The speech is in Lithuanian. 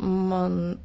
Man